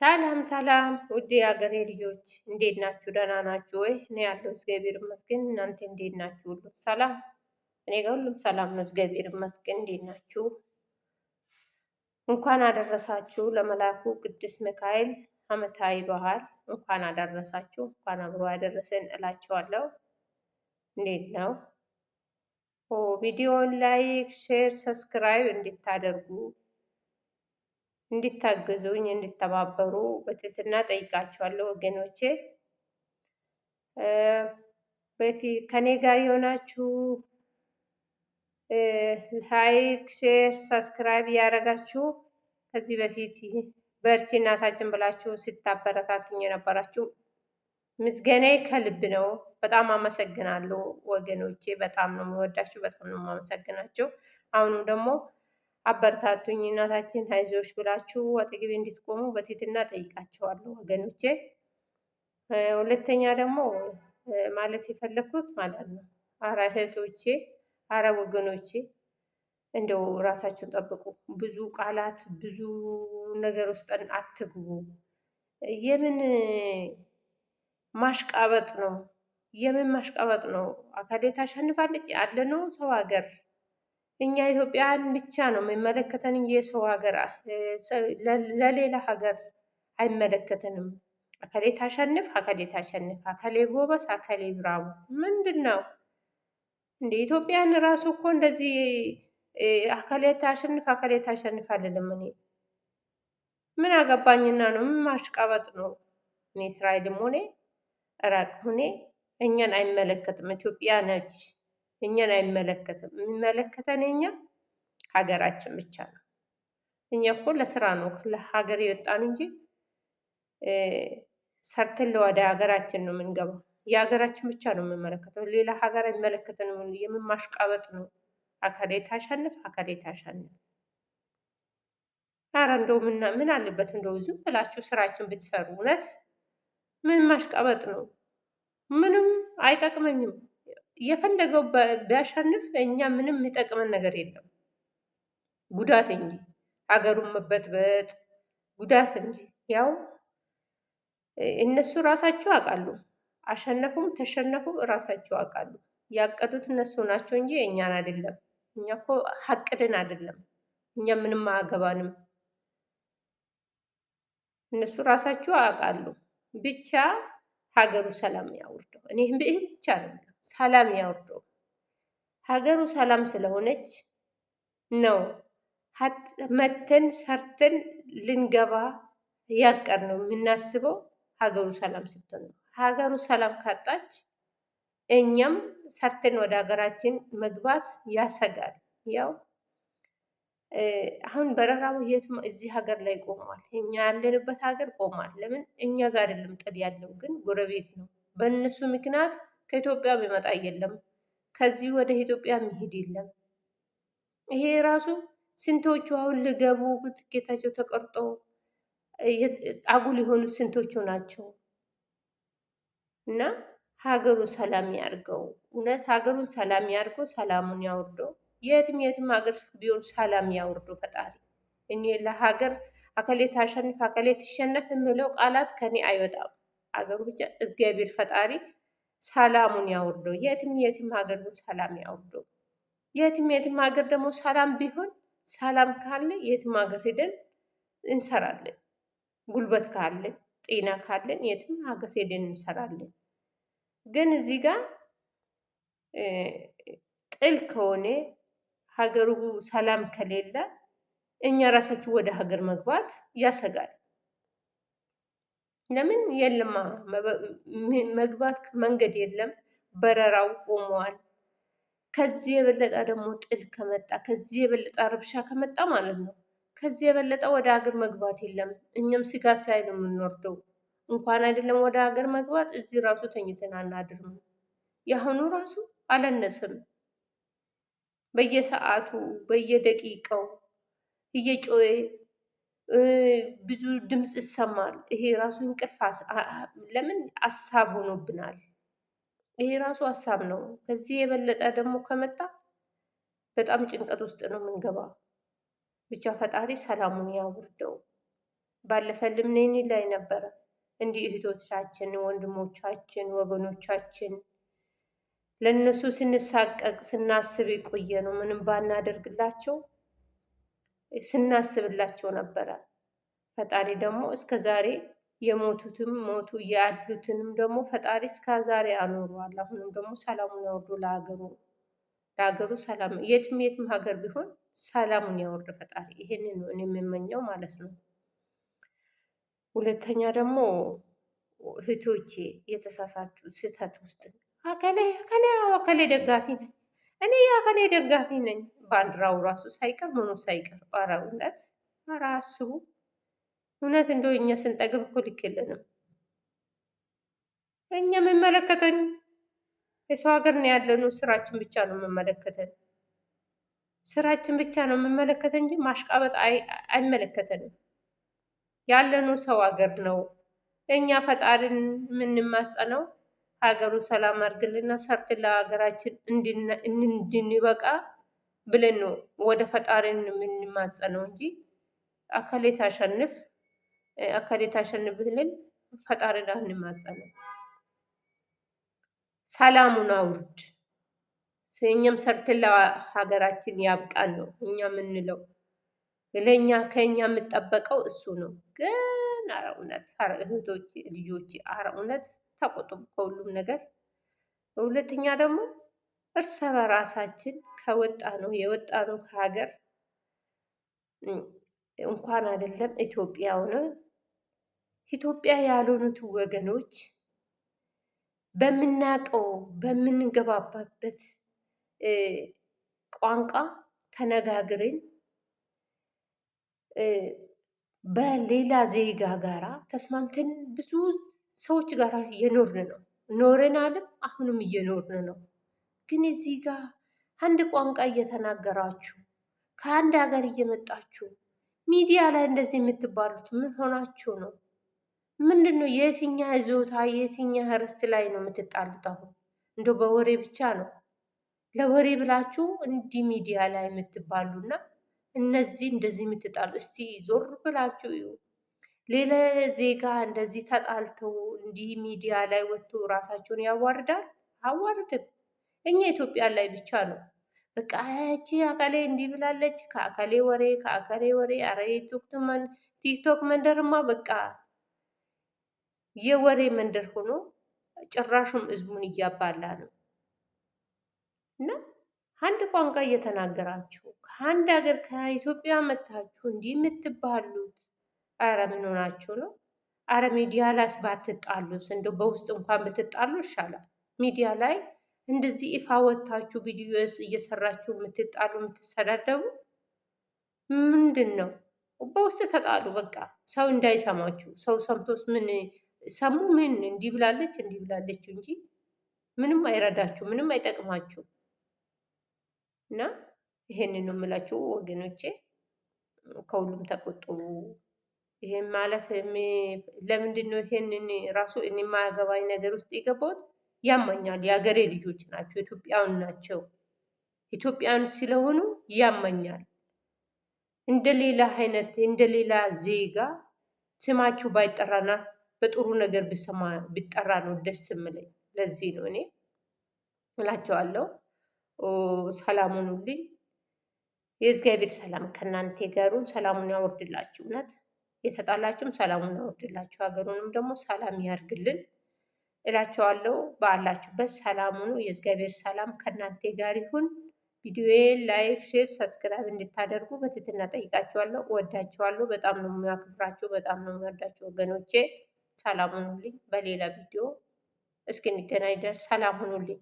ሰላም ሰላም ውድ የአገሬ ልጆች እንዴት ናችሁ? ደህና ናችሁ ወይ? እኔ ያለው እግዚአብሔር ይመስገን። እናንተ እንዴት ናችሁ? ሁሉም ሰላም? እኔ ጋር ሁሉም ሰላም ነው፣ እግዚአብሔር ይመስገን። እንዴት ናችሁ? እንኳን አደረሳችሁ ለመላኩ ቅዱስ ሚካኤል ዓመታዊ በዓል እንኳን አደረሳችሁ፣ እንኳን አብሮ ያደረሰን እላችኋለሁ። እንዴት ነው ቪዲዮውን ላይክ፣ ሼር፣ ሰብስክራይብ እንድታደርጉ እንዲታገዙኝ እንዲተባበሩ በትህትና ጠይቃቸዋለሁ ወገኖቼ። በፊት ከኔ ጋር የሆናችሁ ላይክ፣ ሼር፣ ሰብስክራይብ እያደረጋችሁ ከዚህ በፊት በርቺ እናታችን ብላችሁ ስታበረታቱኝ የነበራችሁ ምስጋናዬ ከልብ ነው። በጣም አመሰግናለሁ ወገኖቼ። በጣም ነው የምወዳችሁ፣ በጣም ነው የማመሰግናችሁ። አሁንም ደግሞ አበርታቱኝ እናታችን አይዞሽ ብላችሁ አጠገቤ እንድትቆሙ በትህትና ጠይቃቸዋለሁ ወገኖቼ። ሁለተኛ ደግሞ ማለት የፈለግኩት ማለት ነው አረ እህቶቼ፣ አረ ወገኖቼ እንደው ራሳችሁን ጠብቁ። ብዙ ቃላት፣ ብዙ ነገር ውስጥ አትግቡ። የምን ማሽቃበጥ ነው? የምን ማሽቃበጥ ነው? አካሌ ታሸንፋለች ያለ ነው ሰው ሀገር እኛ ኢትዮጵያን ብቻ ነው የሚመለከተን። የሰው ሀገር ለሌላ ሀገር አይመለከተንም። አካሌ ታሸንፍ፣ አካሌ ታሸንፍ፣ አካሌ ጎበስ፣ አካሌ ብራቡ ምንድን ነው እንደ ኢትዮጵያን ራሱ እኮ እንደዚህ አካሌ ታሸንፍ፣ አካሌ ታሸንፍ አልልም እኔ ምን አገባኝና ነው? ምን ማሽቃበጥ ነው? እኔ እስራኤልም ሆኔ እራቅ ሆኔ እኛን አይመለከትም። ኢትዮጵያ ነች። እኛን አይመለከትም። የሚመለከተን የኛ ሀገራችን ብቻ ነው። እኛ እኮ ለስራ ነው ለሀገር የወጣን እንጂ ሰርተን ወደ ሀገራችን ነው የምንገባው። የሀገራችን ብቻ ነው የምንመለከተው። ሌላ ሀገር አይመለከተንም። አይመለከትን። የምማሽቃበጥ ነው አካሌ ታሸንፍ፣ አካሌ ታሸንፍ። ኧረ እንደው ምን አለበት እንደው ዝም ብላችሁ ስራችን ብትሰሩ። እውነት ምን ማሽቃበጥ ነው? ምንም አይጠቅመኝም። የፈለገው ቢያሸንፍ እኛ ምንም የሚጠቅመን ነገር የለም፣ ጉዳት እንጂ ሀገሩን መበጥበጥ ጉዳት እንጂ። ያው እነሱ ራሳቸው አውቃሉ፣ አሸነፉም ተሸነፉ ራሳቸው አውቃሉ። ያቀዱት እነሱ ናቸው እንጂ እኛን አይደለም። እኛ እኮ ሀቅድን አይደለም፣ እኛ ምንም አያገባንም። እነሱ ራሳቸው አውቃሉ። ብቻ ሀገሩ ሰላም ያውርደው። እኔ ብቻ ነው ሰላም ያወርዶ ሀገሩ ሰላም ስለሆነች ነው መተን ሰርተን ልንገባ ያቀር ነው የምናስበው። ሀገሩ ሰላም ስትሆን ነው። ሀገሩ ሰላም ካጣች እኛም ሰርተን ወደ ሀገራችን መግባት ያሰጋል። ያው አሁን በረራው የት እዚህ ሀገር ላይ ቆሟል። እኛ ያለንበት ሀገር ቆሟል። ለምን እኛ ጋር አይደለም ጥል ያለው ግን ጎረቤት ነው። በእነሱ ምክንያት ከኢትዮጵያ የሚመጣ የለም። ከዚህ ወደ ኢትዮጵያ የሚሄድ የለም። ይሄ ራሱ ስንቶቹ አሁን ልገቡ ትኬታቸው ተቀርጦ አጉል የሆኑ ስንቶቹ ናቸው። እና ሀገሩ ሰላም ያርገው። እውነት ሀገሩን ሰላም ያርገው፣ ሰላሙን ያውርዶ የትም የትም ሀገር ቢሆን ሰላም ያውርዶ ፈጣሪ። እኔ ለሀገር አከሌ ታሸንፍ አከሌ ትሸነፍ የምለው ቃላት ከኔ አይወጣም። አገሩ ብቻ እግዚአብሔር ፈጣሪ ሰላሙን ያውርደው። የትም የትም ሀገር ሰላም ያውርደው። የትም የትም ሀገር ደግሞ ሰላም ቢሆን ሰላም ካለ የትም ሀገር ሄደን እንሰራለን። ጉልበት ካለን ጤና ካለን የትም ሀገር ሄደን እንሰራለን። ግን እዚህ ጋር ጥል ከሆነ ሀገሩ ሰላም ከሌለ እኛ ራሳችን ወደ ሀገር መግባት ያሰጋል። ለምን የለማ መግባት መንገድ የለም። በረራው ቆመዋል። ከዚህ የበለጠ ደግሞ ጥል ከመጣ ከዚህ የበለጠ ረብሻ ከመጣ ማለት ነው ከዚህ የበለጠ ወደ ሀገር መግባት የለም። እኛም ስጋት ላይ ነው የምንወርደው። እንኳን አይደለም ወደ ሀገር መግባት እዚህ ራሱ ተኝተን አናድርም። የአሁኑ ራሱ አለነስም በየሰዓቱ በየደቂቃው እየጮኸ ብዙ ድምፅ ይሰማል። ይሄ ራሱ እንቅልፍ ለምን አሳብ ሆኖብናል። ይሄ ራሱ ሀሳብ ነው። ከዚህ የበለጠ ደግሞ ከመጣ በጣም ጭንቀት ውስጥ ነው የምንገባ። ብቻ ፈጣሪ ሰላሙን ያውርደው። ባለፈ ልምኔኒ ላይ ነበረ እንዲህ እህቶቻችን፣ ወንድሞቻችን፣ ወገኖቻችን ለእነሱ ስንሳቀቅ ስናስብ የቆየ ነው። ምንም ባናደርግላቸው ስናስብላቸው ነበረ። ፈጣሪ ደግሞ እስከ ዛሬ የሞቱትም ሞቱ ያሉትንም ደግሞ ፈጣሪ እስከ ዛሬ አኖሯል። አሁንም ደግሞ ሰላሙን ያወርዱ ለሀገሩ ለሀገሩ ሰላም የትም የትም ሀገር ቢሆን ሰላሙን ያወርድ ፈጣሪ። ይሄንን ነው የምመኘው ማለት ነው። ሁለተኛ ደግሞ እህቶቼ የተሳሳችሁ ስህተት ውስጥ አከላይ አከላይ አዎ ደጋፊ ነኝ እኔ የአካሌ ደጋፊ ነኝ። ባንዲራው ራሱ ሳይቀር ምኑ ሳይቀር ኧረ እውነት ኧረ አስቡ እውነት እንደው እኛ ስንጠግብ እኮ ልክ የለንም። እኛ የምመለከተን የሰው ሀገር ነው ነው። ስራችን ብቻ ነው የምመለከተን፣ ስራችን ብቻ ነው የምመለከተን እንጂ ማሽቃበጥ አይመለከተንም። ያለነው ሰው ሀገር ነው። እኛ ፈጣሪን የምንማጸነው ሀገሩ ሰላም አድርግልና ሰርተን ለሀገራችን እንድንበቃ ብለን ነው ወደ ፈጣሪ የምንማጸነው እንጂ አካሌ ታሸንፍ አካሌ ታሸንፍ ብለን ፈጣሪ ላይ ሰላሙን አውርድ፣ እኛም ሰርተን ለሀገራችን ያብቃን ነው እኛ የምንለው። ለእኛ ከእኛ የምጠበቀው እሱ ነው። ግን አረ እውነት እህቶቼ ልጆቼ አረ እውነት ተቆጥቡ ከሁሉም ነገር። ሁለተኛ ደግሞ እርስ በራሳችን ከወጣ ነው የወጣ ነው ከሀገር እንኳን አይደለም ኢትዮጵያ ሆነ ኢትዮጵያ ያልሆኑት ወገኖች በምናውቀው በምንገባባበት ቋንቋ ተነጋግረን በሌላ ዜጋ ጋራ ተስማምተን ብዙ ሰዎች ጋር እየኖርን ነው። ኖረን አለም አሁንም እየኖርን ነው። ግን እዚህ ጋር አንድ ቋንቋ እየተናገራችሁ ከአንድ ሀገር እየመጣችሁ ሚዲያ ላይ እንደዚህ የምትባሉት ምን ሆናችሁ ነው? ምንድን ነው? የትኛ ይዞታ የትኛ ርስት ላይ ነው የምትጣሉት? አሁን እንደ በወሬ ብቻ ነው ለወሬ ብላችሁ እንዲህ ሚዲያ ላይ የምትባሉና እነዚህ እንደዚህ የምትጣሉ እስቲ ዞር ብላችሁ እዩ። ሌላ ዜጋ እንደዚህ ተጣልተው እንዲህ ሚዲያ ላይ ወጥቶ ራሳቸውን ያዋርዳል? አዋርድም። እኛ ኢትዮጵያ ላይ ብቻ ነው በቃ ያቺ አካሌ እንዲህ ብላለች፣ ከአካሌ ወሬ ከአካሌ ወሬ። አረ ቲክቶክ መንደርማ በቃ የወሬ መንደር ሆኖ ጭራሹም ህዝቡን እያባላ ነው። እና አንድ ቋንቋ እየተናገራችሁ ከአንድ ሀገር ከኢትዮጵያ መታችሁ እንዲህ የምትባሉት አረ ምን ሆናችሁ ነው? አረ ሚዲያ ላይ ባትጣሉስ፣ እንደ በውስጥ እንኳን ብትጣሉ ይሻላል። ሚዲያ ላይ እንደዚህ ይፋ ወጥታችሁ ቪዲዮስ እየሰራችሁ የምትጣሉ የምትሰዳደቡ ምንድን ነው? በውስጥ ተጣሉ፣ በቃ ሰው እንዳይሰማችሁ። ሰው ሰምቶስ ምን ሰሙ? ምን እንዲህ ብላለች እንዲህ ብላለች እንጂ ምንም አይረዳችሁ፣ ምንም አይጠቅማችሁ። እና ይሄንን ነው የምላችሁ ወገኖቼ፣ ከሁሉም ተቆጠቡ። ይሄን ማለት ለምንድን ነው ይሄንን ራሱ እኔ የማያገባኝ ነገር ውስጥ የገባሁት? ያመኛል። የሀገሬ ልጆች ናቸው፣ ኢትዮጵያውን ናቸው። ኢትዮጵያውያን ስለሆኑ ያመኛል። እንደ ሌላ አይነት እንደ ሌላ ዜጋ ስማችሁ ባይጠራና በጥሩ ነገር ብሰማ ብጠራ ነው ደስ የምለኝ። ለዚህ ነው እኔ እላቸዋለሁ። ሰላሙን ሁሉኝ የእግዚአብሔር ሰላም ከእናንተ ጋሩን ሰላሙን ያወርድላችሁ እውነት የተጣላችሁም ሰላሙን ያወርድላችሁ፣ ሀገሩንም ደግሞ ሰላም ያርግልን እላችኋለሁ። ባላችሁበት ሰላም ሁኑ። የእግዚአብሔር ሰላም ከእናንተ ጋር ይሁን። ቪዲዮዬን ላይክ፣ ሼር፣ ሰብስክራይብ እንድታደርጉ በትህትና ጠይቃችኋለሁ። እወዳችኋለሁ። በጣም ነው የሚያክብራችሁ፣ በጣም ነው የሚወዳችሁ ወገኖቼ። ሰላም ሁኑልኝ። በሌላ ቪዲዮ እስክንገናኝ ድረስ ሰላም ሁኑልኝ።